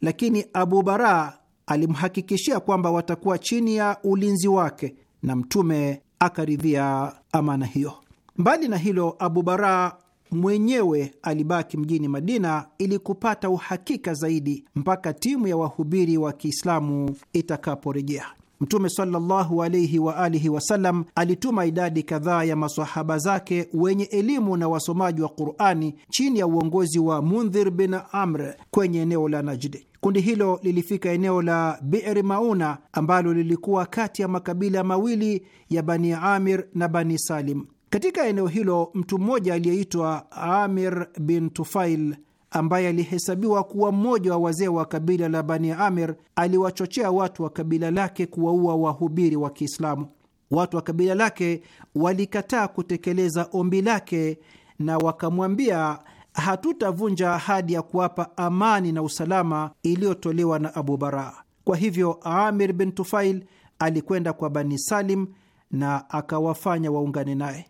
lakini Abu Bara alimhakikishia kwamba watakuwa chini ya ulinzi wake na Mtume akaridhia amana hiyo. Mbali na hilo, Abu Bara mwenyewe alibaki mjini Madina ili kupata uhakika zaidi mpaka timu ya wahubiri wa Kiislamu itakaporejea. Mtume sallallahu alaihi wa alihi wasallam alituma idadi kadhaa ya masahaba zake wenye elimu na wasomaji wa Qurani chini ya uongozi wa Mundhir bin Amr kwenye eneo la Najdi. Kundi hilo lilifika eneo la Biri Mauna ambalo lilikuwa kati ya makabila mawili ya Bani Amir na Bani Salim. Katika eneo hilo mtu mmoja aliyeitwa Amir bin Tufail ambaye alihesabiwa kuwa mmoja wa wazee wa kabila la Bani Amir aliwachochea watu wa kabila lake kuwaua wahubiri wa Kiislamu. Watu wa kabila lake walikataa kutekeleza ombi lake na wakamwambia, hatutavunja ahadi ya kuwapa amani na usalama iliyotolewa na Abu Bara. Kwa hivyo Amir bin Tufail alikwenda kwa Bani Salim na akawafanya waungane naye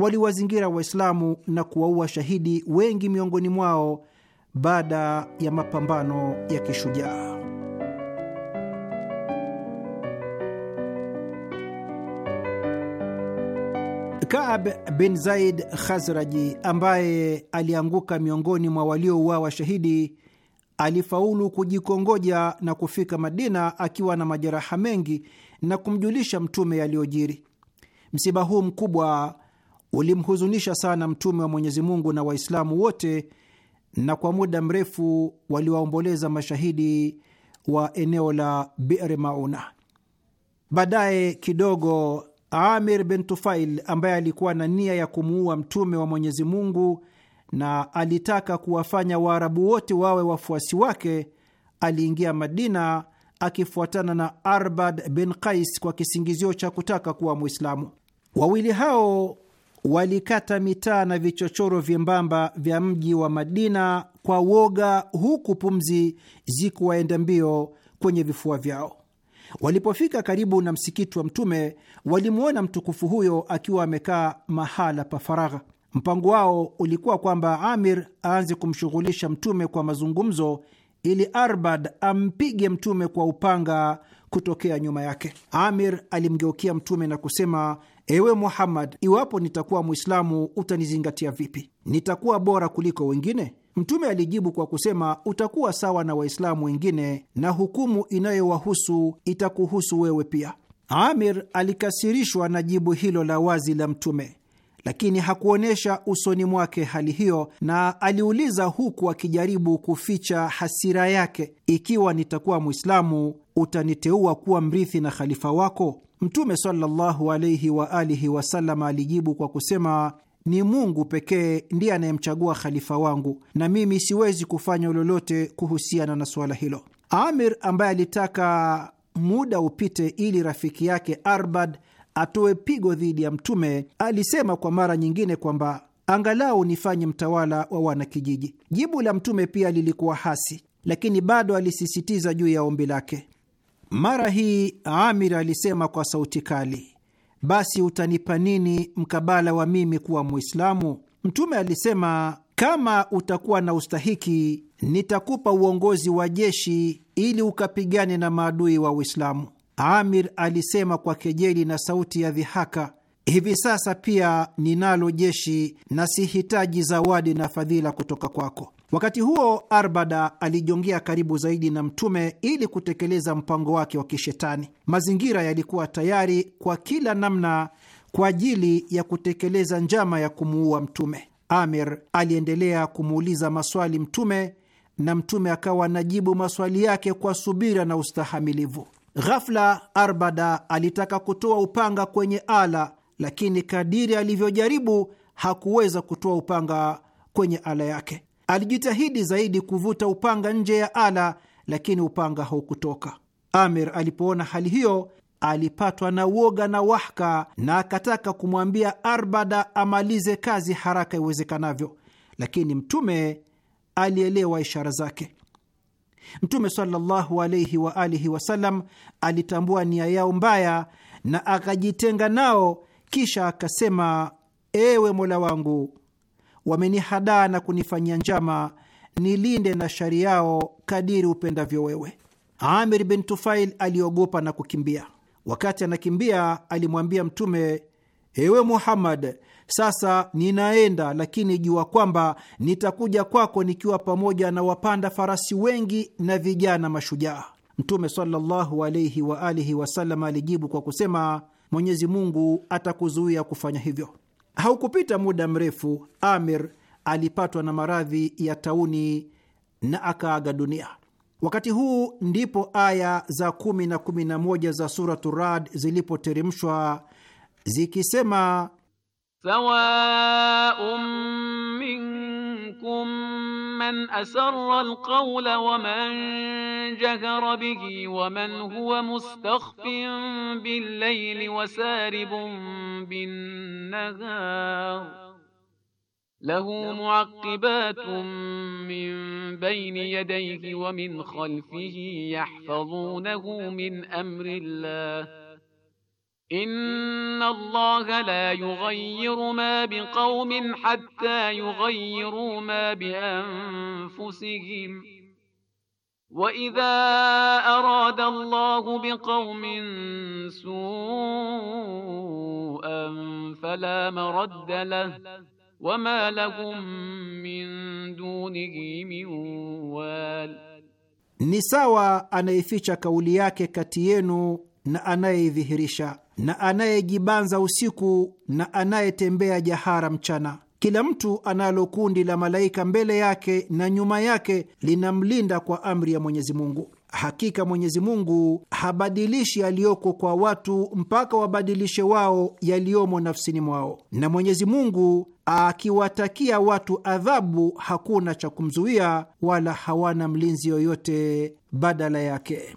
waliwazingira Waislamu na kuwaua shahidi wengi miongoni mwao baada ya mapambano ya kishujaa. Kaab bin Zaid Khazraji ambaye alianguka miongoni mwa waliouawa shahidi alifaulu kujikongoja na kufika Madina akiwa na majeraha mengi na kumjulisha Mtume yaliyojiri. Msiba huu mkubwa ulimhuzunisha sana Mtume wa Mwenyezi Mungu na Waislamu wote, na kwa muda mrefu waliwaomboleza mashahidi wa eneo la Bi'r Mauna. Baadaye kidogo, Amir bin Tufail ambaye alikuwa na nia ya kumuua Mtume wa Mwenyezi Mungu na alitaka kuwafanya Waarabu wote wawe wafuasi wake, aliingia Madina akifuatana na Arbad bin Qais kwa kisingizio cha kutaka kuwa Mwislamu. Wawili hao walikata mitaa na vichochoro vyembamba vya mji wa Madina kwa woga, huku pumzi zikiwaenda mbio kwenye vifua vyao. Walipofika karibu na msikiti wa Mtume, walimwona mtukufu huyo akiwa amekaa mahala pa faragha. Mpango wao ulikuwa kwamba Amir aanze kumshughulisha Mtume kwa mazungumzo ili Arbad ampige Mtume kwa upanga kutokea nyuma yake. Amir alimgeukia Mtume na kusema Ewe Muhammad, iwapo nitakuwa Mwislamu utanizingatia vipi? Nitakuwa bora kuliko wengine? Mtume alijibu kwa kusema, utakuwa sawa na Waislamu wengine na hukumu inayowahusu itakuhusu wewe pia. Amir alikasirishwa na jibu hilo la wazi la Mtume, lakini hakuonyesha usoni mwake hali hiyo, na aliuliza huku akijaribu kuficha hasira yake, ikiwa nitakuwa Mwislamu utaniteua kuwa mrithi na khalifa wako? Mtume sallallahu alaihi wa alihi wasallam alijibu kwa kusema ni Mungu pekee ndiye anayemchagua khalifa wangu na mimi siwezi kufanya lolote kuhusiana na suala hilo. Amir ambaye alitaka muda upite ili rafiki yake Arbad atoe pigo dhidi ya Mtume alisema kwa mara nyingine kwamba angalau nifanye mtawala wa wanakijiji. Jibu la Mtume pia lilikuwa hasi, lakini bado alisisitiza juu ya ombi lake. Mara hii Amir alisema kwa sauti kali, basi utanipa nini mkabala wa mimi kuwa Mwislamu? Mtume alisema, kama utakuwa na ustahiki, nitakupa uongozi wa jeshi ili ukapigane na maadui wa Uislamu. Amir alisema kwa kejeli na sauti ya dhihaka, hivi sasa pia ninalo jeshi na sihitaji zawadi na fadhila kutoka kwako. Wakati huo Arbada alijongea karibu zaidi na Mtume ili kutekeleza mpango wake wa kishetani. Mazingira yalikuwa tayari kwa kila namna kwa ajili ya kutekeleza njama ya kumuua Mtume. Amir aliendelea kumuuliza maswali Mtume na Mtume akawa anajibu maswali yake kwa subira na ustahamilivu. Ghafla Arbada alitaka kutoa upanga kwenye ala, lakini kadiri alivyojaribu hakuweza kutoa upanga kwenye ala yake. Alijitahidi zaidi kuvuta upanga nje ya ala, lakini upanga haukutoka. Amir alipoona hali hiyo alipatwa na uoga na wahka na akataka kumwambia Arbada amalize kazi haraka iwezekanavyo, lakini Mtume alielewa ishara zake. Mtume sallallahu alaihi wa alihi wasallam alitambua nia yao mbaya na akajitenga nao, kisha akasema: ewe mola wangu wamenihadaa na kunifanyia njama, nilinde na shari yao kadiri upendavyo wewe. Amir bin Tufail aliogopa na kukimbia. Wakati anakimbia, alimwambia Mtume, ewe Muhammad, sasa ninaenda, lakini jua kwamba nitakuja kwako nikiwa pamoja na wapanda farasi wengi na vijana mashujaa. Mtume sallallahu alaihi waalihi wasallam alijibu kwa kusema, Mwenyezi Mungu atakuzuia kufanya hivyo. Haukupita muda mrefu, Amir alipatwa na maradhi ya tauni na akaaga dunia. Wakati huu ndipo aya za kumi na kumi na moja za Suratu Rad zilipoteremshwa zikisema, sawaun minkum منكم من أسر القول ومن جهر به ومن هو مستخف بالليل وسارب بالنهار له معقبات من بين يديه ومن خلفه يحفظونه من أمر الله Inna Allaha la yughayyiru ma biqaumin hatta yughayyiru ma bi anfusihim wa idha arada Allahu biqaumin su'an fala maradda lahu wama lahum min dunihi min wal, ni sawa anayeficha kauli yake kati yenu na anayeidhihirisha na anayejibanza usiku na anayetembea jahara mchana. Kila mtu analo kundi la malaika mbele yake na nyuma yake linamlinda kwa amri ya Mwenyezi Mungu. Hakika Mwenyezi Mungu habadilishi yaliyoko kwa watu mpaka wabadilishe wao yaliyomo nafsini mwao. Na Mwenyezi Mungu akiwatakia watu adhabu, hakuna cha kumzuia wala hawana mlinzi yoyote badala yake.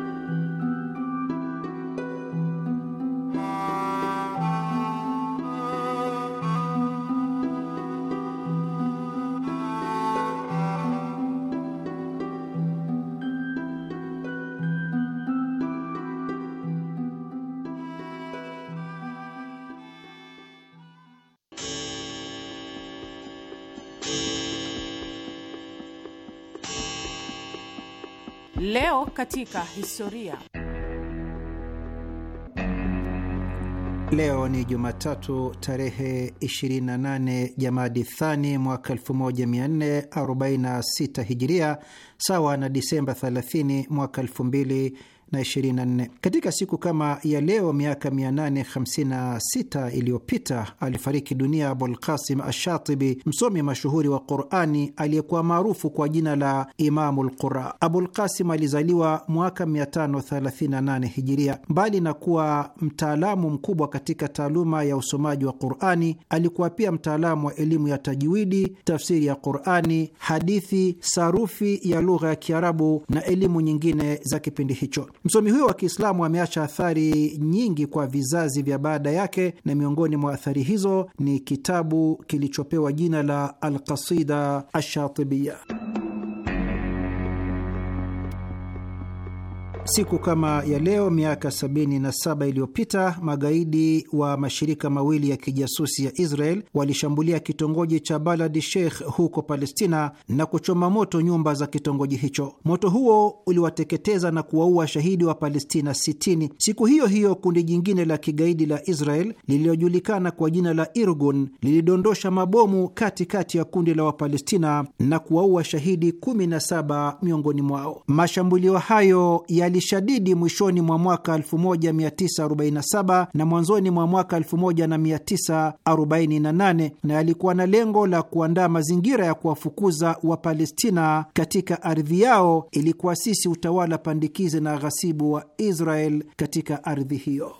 katika historia. Leo ni Jumatatu tarehe 28 Jamadi Thani mwaka 1446 Hijiria, sawa na Disemba 30 mwaka na 24. Katika siku kama ya leo miaka 856 iliyopita alifariki dunia Abul Qasim Ashatibi, msomi mashuhuri wa Qurani aliyekuwa maarufu kwa jina la Imamu Lqura. Abul Qasim alizaliwa mwaka 538 Hijiria. Mbali na kuwa mtaalamu mkubwa katika taaluma ya usomaji wa Qurani, alikuwa pia mtaalamu wa elimu ya tajwidi, tafsiri ya Qurani, hadithi, sarufi ya lugha ya Kiarabu na elimu nyingine za kipindi hicho. Msomi huyo wa Kiislamu ameacha athari nyingi kwa vizazi vya baada yake, na miongoni mwa athari hizo ni kitabu kilichopewa jina la Alqasida Ashatibiya. Siku kama ya leo miaka 77 iliyopita magaidi wa mashirika mawili ya kijasusi ya Israel walishambulia kitongoji cha Balad Sheikh huko Palestina na kuchoma moto nyumba za kitongoji hicho. Moto huo uliwateketeza na kuwaua shahidi wa Palestina 60. Siku hiyo hiyo kundi jingine la kigaidi la Israel lililojulikana kwa jina la Irgun lilidondosha mabomu katikati kati ya kundi la Wapalestina na kuwaua shahidi 17 miongoni mwao. Mashambulio hayo yali shadidi mwishoni mwa mwaka 1947 na mwanzoni mwa mwaka 1948 na yalikuwa na lengo la kuandaa mazingira ya kuwafukuza Wapalestina katika ardhi yao ili kuasisi utawala pandikizi na ghasibu wa Israel katika ardhi hiyo.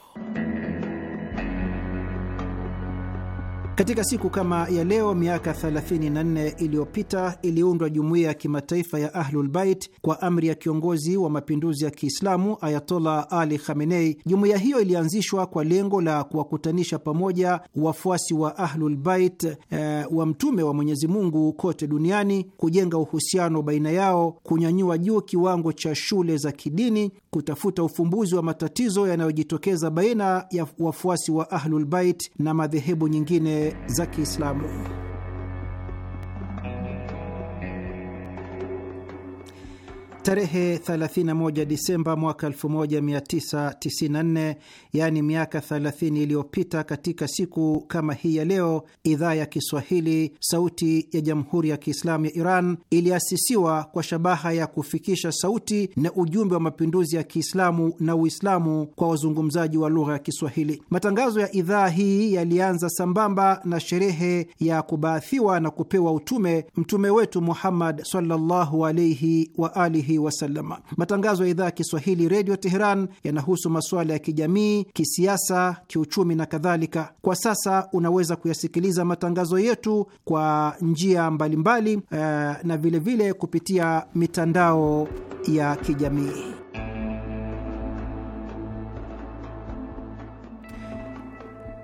Katika siku kama ya leo miaka 34 iliyopita iliundwa jumuiya ya kimataifa ya Ahlulbait kwa amri ya kiongozi wa mapinduzi ya Kiislamu Ayatollah Ali Khamenei. Jumuiya hiyo ilianzishwa kwa lengo la kuwakutanisha pamoja wafuasi wa Ahlulbait e, eh, wa Mtume wa Mwenyezi Mungu kote duniani, kujenga uhusiano baina yao, kunyanyua juu kiwango cha shule za kidini, kutafuta ufumbuzi wa matatizo yanayojitokeza baina ya wafuasi wa Ahlulbait na madhehebu nyingine za Kiislamu. Tarehe 31 Disemba mwaka 1994, yaani miaka 30 iliyopita, katika siku kama hii ya leo, idhaa ya Kiswahili Sauti ya Jamhuri ya Kiislamu ya Iran iliasisiwa kwa shabaha ya kufikisha sauti na ujumbe wa mapinduzi ya Kiislamu na Uislamu kwa wazungumzaji wa lugha ya Kiswahili. Matangazo ya idhaa hii yalianza sambamba na sherehe ya kubaathiwa na kupewa utume mtume wetu Muhammad sallallahu alaihi wa alihi alihi wasalama. Matangazo ya idhaa ya Kiswahili redio Teheran yanahusu masuala ya kijamii, kisiasa, kiuchumi na kadhalika. Kwa sasa unaweza kuyasikiliza matangazo yetu kwa njia mbalimbali mbali, uh, eh, na vilevile vile kupitia mitandao ya kijamii.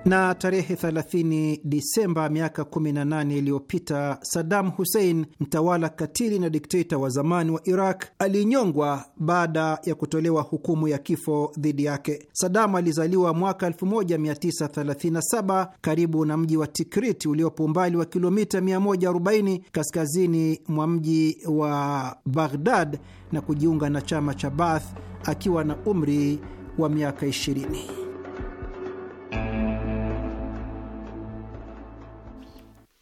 Na tarehe 30 Disemba miaka 18 iliyopita, Saddam Hussein, mtawala katili na dikteta wa zamani wa Iraq, alinyongwa baada ya kutolewa hukumu ya kifo dhidi yake. Saddam alizaliwa mwaka 1937 karibu na mji wa Tikriti uliopo umbali wa kilomita 140 kaskazini mwa mji wa Baghdad na kujiunga na chama cha Baath akiwa na umri wa miaka 20.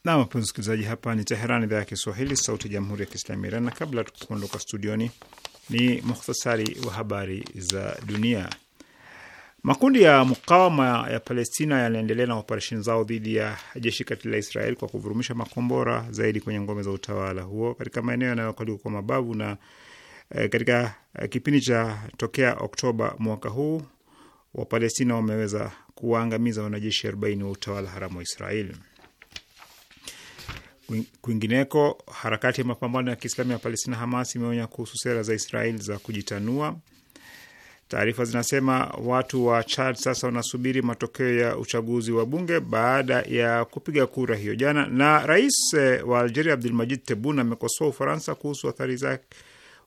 Nam wapenzi msikilizaji, hapa ni Teheran, idhaa ya Kiswahili, sauti ya jamhuri ya kiislamu Iran. Na kabla tukuondoka studioni, ni mukhtasari wa habari za dunia. Makundi ya mukawama ya Palestina yanaendelea na operesheni zao dhidi ya jeshi katili la Israel kwa kuvurumisha makombora zaidi kwenye ngome za utawala huo katika maeneo yanayokaliwa kwa mabavu na e, katika e, kipindi cha tokea Oktoba mwaka huu Wapalestina wameweza kuwaangamiza wanajeshi 40 wa utawala haramu wa Israeli. Kwingineko, harakati ya mapambano ya Kiislamu ya Palestina Hamas imeonya kuhusu sera za Israel za kujitanua. Taarifa zinasema watu wa Chad sasa wanasubiri matokeo ya uchaguzi wa bunge baada ya kupiga kura hiyo jana. Na rais eh, wa Algeria Abdulmajid Tebun amekosoa Ufaransa kuhusu athari za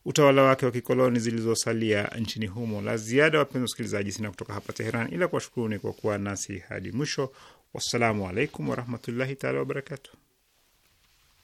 utawala wake wa kikoloni zilizosalia nchini humo. La ziada, wapenzi wasikilizaji, sina kutoka hapa Teheran ila kuwashukuruni kwa kuwa nasi hadi mwisho. Wassalamu alaikum warahmatullahi taala wabarakatuh